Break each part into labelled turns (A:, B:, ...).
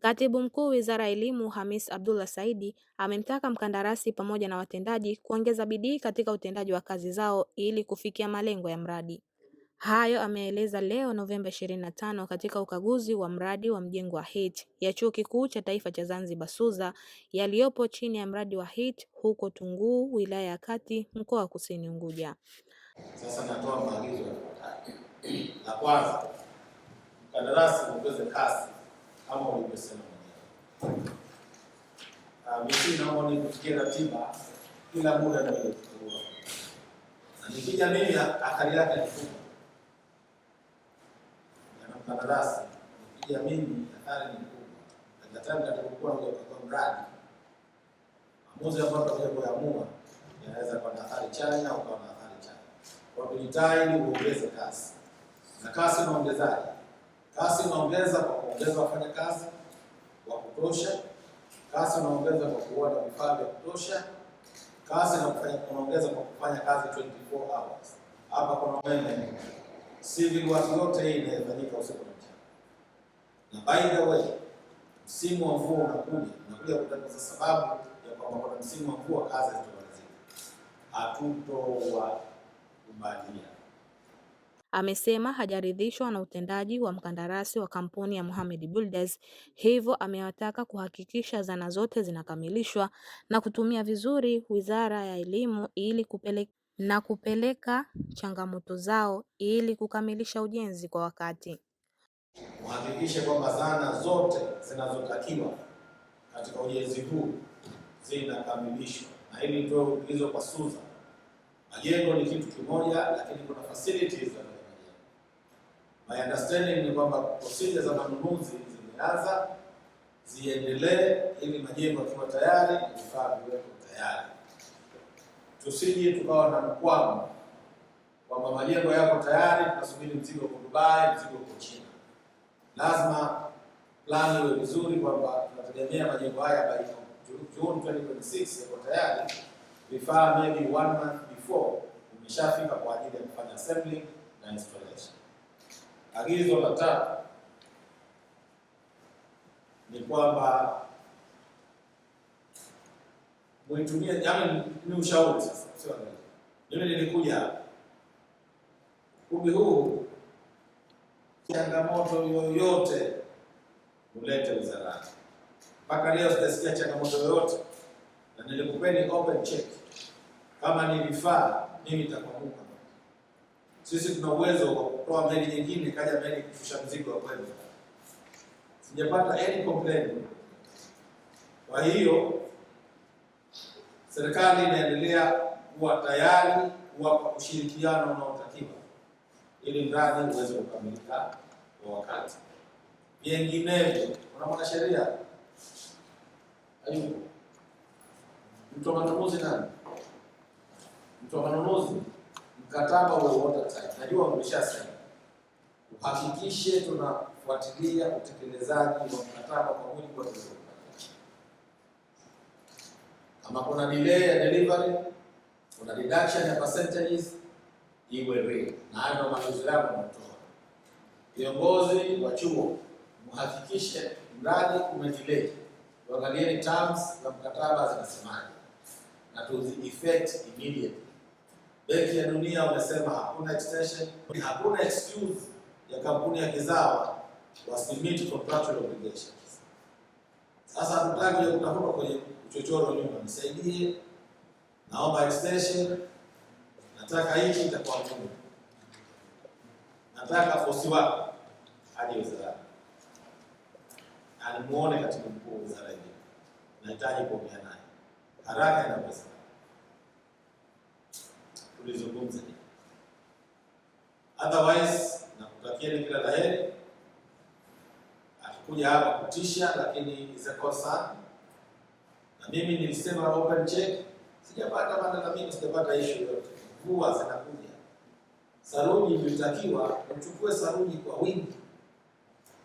A: Katibu Mkuu Wizara ya Elimu, Hamis Abdullah Saidi, amemtaka mkandarasi pamoja na watendaji kuongeza bidii katika utendaji wa kazi zao ili kufikia malengo ya mradi. Hayo ameeleza leo Novemba 25 katika ukaguzi wa mradi wa mjengo wa HEET ya Chuo Kikuu cha Taifa cha Zanzibar SUZA yaliyopo chini ya mradi wa HEET huko Tunguu, wilaya ya Kati, mkoa wa Kusini Unguja.
B: Sasa natoa maagizo la kwanza, mkandarasi ongeze kasi kama ulivyosema mwenyewe? Ah, mimi naomba nikufikie ratiba kila muda na kutoa. Na nikija mimi akali yake ni kubwa. Na mkandarasi nikija mimi akali ni kubwa. Na katamu atakuwa ndio kwa mradi. Maamuzi ambayo tutakayoamua yanaweza kuwa na athari chanya au kwa na athari chanya. Kwa kujitahidi kuongeza kasi. Na kasi unaongezaje? Kasi unaongeza kwa kuongeza kazi wa kutosha. Kasi unaongeza kwa kuwa na vifaa vya kutosha. Kasi unaongeza kwa kufanya kazi 24 hours. Hapa kuna umeme, civil work yote hii inafanyika usiku na mchana. Na by the way, msimu wa mvua unakuja, unakuja kutafuta sababu ya kwamba kuna msimu wa mvua, kazi zitaanza, hatutowakubalia
A: Amesema hajaridhishwa na utendaji wa mkandarasi wa kampuni ya Mohamed Builders, hivyo amewataka kuhakikisha zana zote zinakamilishwa na kutumia vizuri Wizara ya Elimu ili kupeleka na kupeleka changamoto zao ili kukamilisha ujenzi kwa wakati.
B: Kuhakikisha kwamba zana zote zinazotakiwa katika ujenzi huu zinakamilishwa, na ili ndio hizo kwa SUZA. Majengo ni kitu kimoja, lakini kuna facilities My understanding ni kwamba procedure za manunuzi zimeanza, ziendelee ili majengo yakiwa tayari na vifaa viwepo tayari, tusije tukawa na mkwamo kwamba majengo yako tayari, tunasubiri mzigo kwa Dubai, mzigo kwa China. Lazima plan iwe vizuri kwamba tunategemea majengo haya by June 2026 yako tayari, vifaa maybe one month before imeshafika kwa ajili ya kufanya assembly na installation. Agizo la tatu ni kwamba mwitumie, yaani ni ushauri sasa, sio agizo. Mimi nilikuja ukumbi huu, changamoto yoyote ulete wizarani. Mpaka leo sijasikia changamoto yoyote, na nilikupeni open check. Kama ni vifaa, mimi nitakwamua sisi tuna uwezo wa kutoa meli nyingine kaja meli kushusha mzigo wa kwenda. Sijapata any complaint. Kwa hiyo serikali inaendelea kuwa tayari kuwapa ushirikiano unaotakiwa ili mradi uweze kukamilika kwa wakati. Vinginevyo, kuna mwanasheria hayupo, mtu wa manunuzi nani? Mtu wa manunuzi mkataba wowote saini, najua mmesha saini, uhakikishe tunafuatilia utekelezaji wa mkataba kwa mujibu wa kama kuna delay ya delivery, kuna reduction ya percentages iwe real, na hayo ndio maagizo yako mnatoa. Viongozi wa chuo muhakikishe mradi umedelay, uangalieni terms na mkataba zinasemaje na tuzi effect immediately. Benki ya Dunia wamesema hakuna extension, hakuna excuse ya kampuni ya kizawa wasimiti contractual obligations. Sasa hatutaki kutafuta kwenye uchochoro nyuma, nisaidie, naomba extension, nataka hiki, itakuwa ngumu, nataka fosi wako hadi wizara. Alimuone katibu mkuu wa wizara hii, nahitaji kuongea naye haraka inawezekana tulizungumza. Otherwise nakutakieni kila la heri. Hatukuja hapa kutisha, lakini is a concern, na mimi nilisema open check, sijapata malalamiko, sijapata issue yoyote. Mvua zinakuja, saruji ilitakiwa mchukue saruji kwa wingi.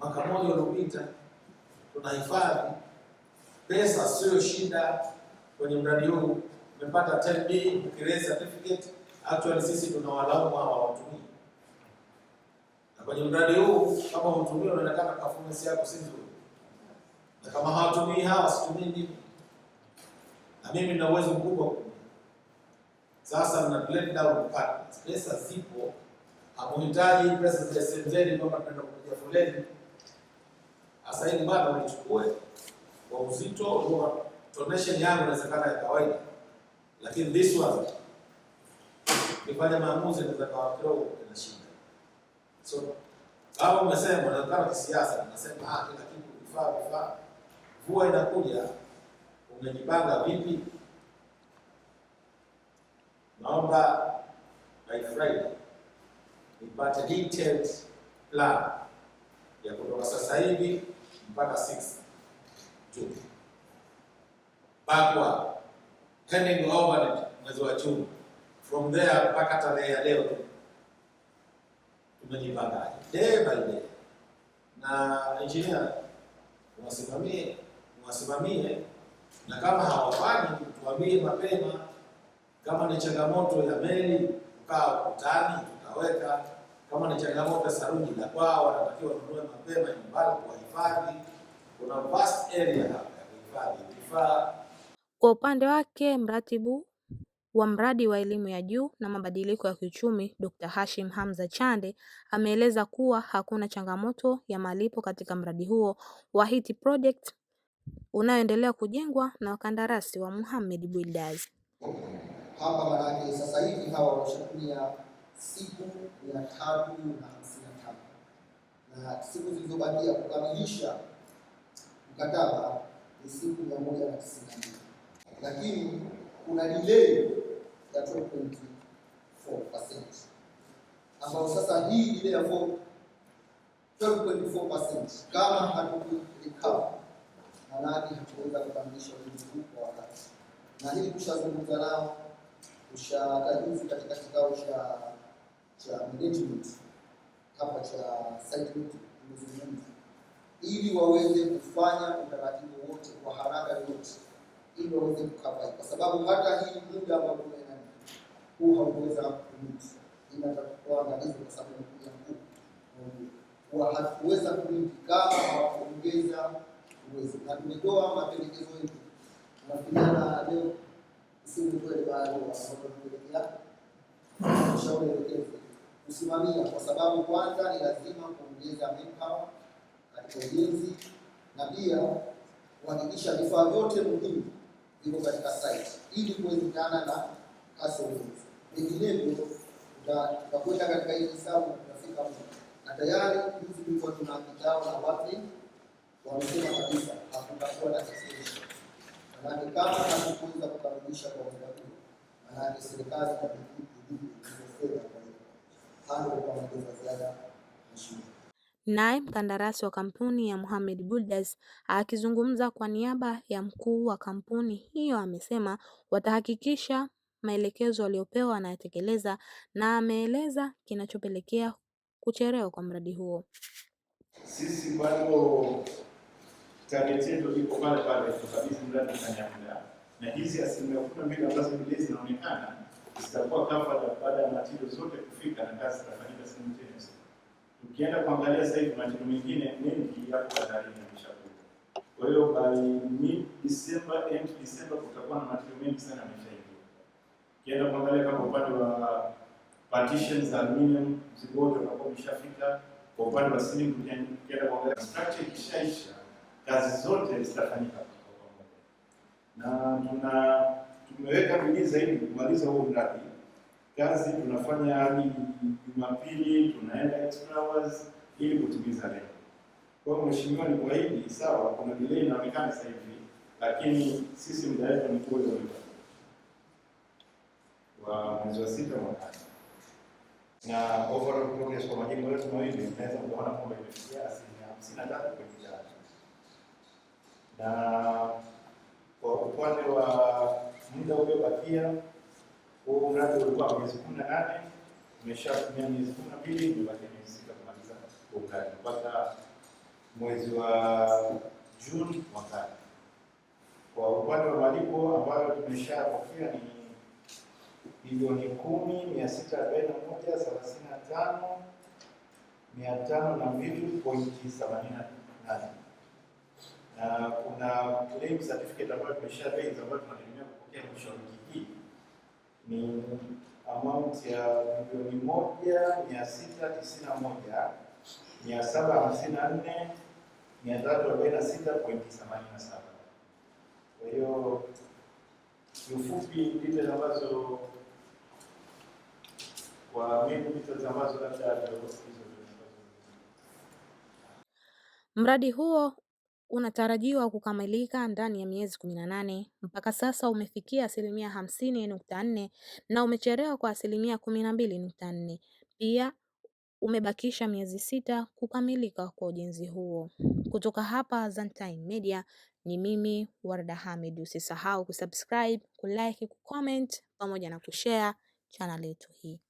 B: Mwaka mmoja uliopita, tunahifadhi pesa, sio shida kwenye mradi huu. Umepata 10B ukirei certificate Actually sisi tunawalaumu hawa watumii. Na kwenye mradi huu kama utumii unaonekana performance yako si nzuri. Na kama hawatumii hawa situmii nini? Na mimi nina uwezo mkubwa sasa na blend down partners. Pesa zipo. Hamuhitaji pesa za SMZ kwamba tunaenda kupiga foleni. Sasa bado unichukue kwa uzito wa donation yangu inawezekana ya kawaida. Lakini this one kifanya maamuzi naweza kawa kidogo na shida. So au umesema nataka kisiasa, nasema ah, kila kitu vifaa vifaa, mvua inakuja, umejipanga vipi? Naomba by Friday nipate detailed plan ya kutoka sasa hivi mpaka 6 Juni, backward handing over mwezi wa Juni from there mpaka tarehe ya leo tumejipangaje day by day. Na engineer wasimamie wasimamie na kama hawafanyi tuambie mapema. Kama ni changamoto ya meli, ukaa ukutani, tutaweka. Kama ni changamoto ya saruji la kwao, wanatakiwa kununue mapema nyumbani kuwahifadhi. Kuna vast area hapa ya kuhifadhi vifaa.
A: Kwa upande wake mratibu wa mradi wa elimu ya juu na mabadiliko ya kiuchumi Dr. Hashim Hamza Chande ameeleza kuwa hakuna changamoto ya malipo katika mradi huo wa Hiti Project unaoendelea kujengwa na wakandarasi wa Mohammed Builders.
B: Hapa manake sasa hivi hawa wanashatumia siku mia tatu na hamsini na tano na siku zilizobakia kukamilisha mkataba ni siku mia moja na tisini na mbili lakini kuna delay ya 12.4%, ambayo sasa hii ile ya 12.4% kama hatukurecover, maanake hatuweza kukamilisha ujenzi kwa wakati, na hili tushazungumza nao tushatajuzi katika kikao cha cha management hapa cha site ili waweze kufanya utaratibu wote kwa haraka yote, ili waweze kukava, kwa sababu hata hii muda ambao huu haukuweza kuprint, waangalizi, kwa sababu imekuja nguvu, uwezo, na tumetoa mapendekezo yetu tunapigana leo ushauri elekezi kusimamia, kwa sababu kwanza ni lazima kuongeza manpower katika ujenzi na pia kuhakikisha vifaa vyote muhimu viko katika site ili kuwezekana na kasi ya ujenzi vinginevyo tutakwenda katika hii hesabu tutafika huko. Na tayari juzi tulikuwa tuna kikao na watu wamesema kabisa hakutakuwa na extension, maanake kama hatukuweza kukamilisha kwa muda huu, manake serikali fedha hado kuongeza ziada mheshimiwa.
A: Naye mkandarasi wa kampuni ya Mohamed Builders akizungumza kwa niaba ya mkuu wa kampuni hiyo amesema watahakikisha maelekezo aliyopewa anayatekeleza na ameeleza kinachopelekea kucherewa kwa mradi huo.
B: Sisi bado target yetu iko pale pale kukabidhi mradi kwa na hizi asilimia kumi na mbili ambazo mbili zinaonekana zitakuwa kafara baada ya matiro zote kufika na kazi zitafanyika tena. Ukienda kuangalia sasa hivi matiro mengine mengi yako hatarini yameshakuja. Kwa hiyo by mid December, end December kutakuwa na matiro mengi sana yamesha ukienda kuangalia kama upande wa partitions za aluminium mzigo wote unakuwa umeshafika. Kwa upande wa simu, ukienda kuangalia structure ikishaisha, kazi zote zitafanyika kwa pamoja, na tuna tumeweka bidii zaidi kumaliza huo mradi. Kazi tunafanya hadi Jumapili, tunaenda extra hours ili kutimiza lengo. Kwa hiyo mheshimiwa, ni kuahidi sawa, kuna delay inaonekana sasa hivi, lakini sisi muda wetu ni wa mwezi wa sita mwakani, na overall progress kwa majimbo yote mawili tunaweza kuona kwamba imefikia asilimia hamsini na tatu kwenye tatu, na kwa upande wa muda uliobakia huu mradi ulikuwa miezi kumi na nane umeshatumia miezi kumi na mbili imebakia miezi sita kumaliza huo mradi mpaka mwezi wa Juni mwakani. Kwa upande wa malipo ambayo tumeshapokea ni bilioni kumi mia sita arobaini na moja thelathini na tano mia tano na mbili pointi themanini na nane na kuna claim certificate ambayo tumesha base ambayo tunategemea kupokea mwisho wa wiki hii ni amount ya milioni moja mia sita tisini na moja mia saba hamsini na nne mia tatu arobaini na sita pointi themanini na saba kwa hiyo Kiufupi ndizo ambazo kwa mimi ndizo ambazo labda
A: mradi huo unatarajiwa kukamilika ndani ya miezi kumi na nane. Mpaka sasa umefikia asilimia hamsini nukta nne na umechelewa kwa asilimia kumi na mbili nukta nne. Pia umebakisha miezi sita kukamilika kwa ujenzi huo. Kutoka hapa Zantime Media ni mimi Warda Hamid. Usisahau kusubscribe, kulike, kucomment pamoja na kushare channel yetu hii.